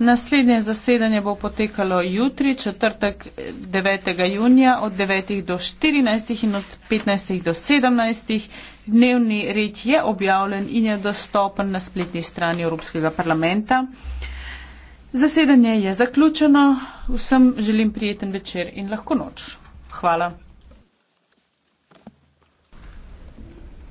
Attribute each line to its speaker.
Speaker 1: Naslednje zasedanje bo potekalo jutri, četrtek 9. junija od 9. do 14. in od 15. do 17. Dnevni red je objavljen in je dostopen na spletni strani Evropskega parlamenta. Zasedanje je zaključeno. Vsem želim prijeten večer in lahko noč. Hvala.